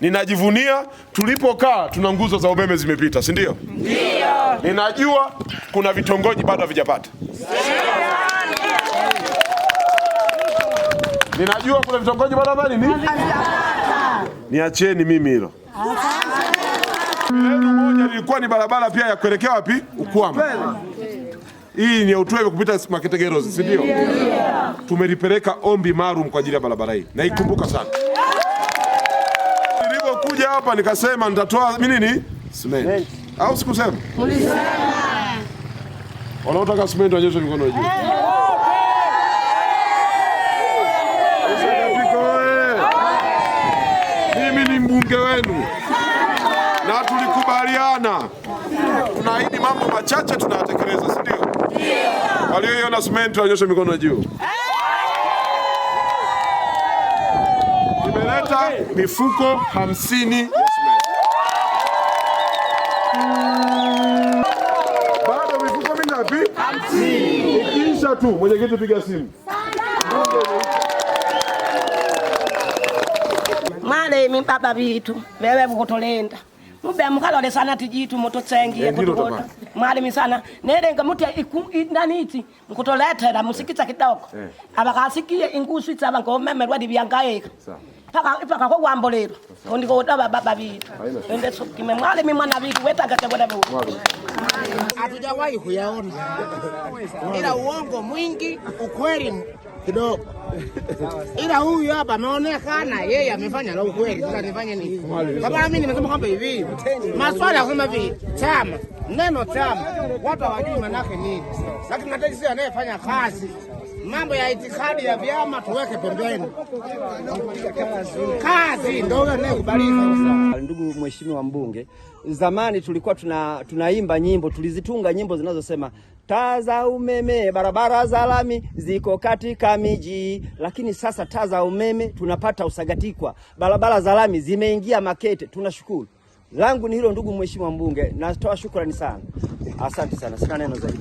Ninajivunia tulipokaa tuna nguzo za umeme zimepita, si ndio? Ndio. Ninajua kuna vitongoji bado havijapata. Ninajua kuna vitongoji bado bali ni? Niacheni mimi hilo. Neno moja lilikuwa ni barabara pia ya kuelekea wapi? Ukwama hii ni ya kupita Maketegerozi, si ndio? Yeah. Tumelipeleka ombi maalum kwa ajili ya barabara hii, naikumbuka sana nilipokuja hapa nikasema nitatoa mimi nini simenti au sikusema? Ulisema. Wanaotaka simenti wanyoshe mikono juu. Mimi ni mbunge wenu na tulikubaliana, tunaahidi mambo machache tunayatekeleza, si ndio? Walioiona simenti wanyoshe mikono juu. Nimeleta mifuko hamsini ya simenti. Bado mifuko mingapi? Hamsini. Ikiisha tu mwenyekiti, piga simu. Male mi baba vitu wewe mkutulenda mbe mukalole sana tijitu mututsengie kutukona mwalimi sana nelenga muti naniti mkutoletera musikisa kidogo eh. avakasikie ingusu itsaba ngomemerwa libyangaeka paka paka ko wambolero baba vitu ende mwalimi mwana bitu wetanga tebona hatujawahi kuyaona ila uongo mwingi ukweli kidogo ila huyu hapa ameonekana yeye amefanya la ukweli. Sasa nifanye nini? mimi nimesema kwamba hivi hivi chama, neno chama watu hawajui nini, lakini nataka anayefanya kazi mambo ya itikadi ya vyama tuweke pembeni, kazi ndio inayokubalika. Ndugu mheshimiwa mbunge, zamani tulikuwa tuna, tunaimba nyimbo, tulizitunga nyimbo zinazosema taa za umeme, barabara za lami ziko katika miji, lakini sasa taa za umeme tunapata Usagatikwa, barabara za lami zimeingia Makete. Tunashukuru langu ni hilo, ndugu mheshimiwa mbunge, natoa shukrani sana, asante sana, sina neno zaidi.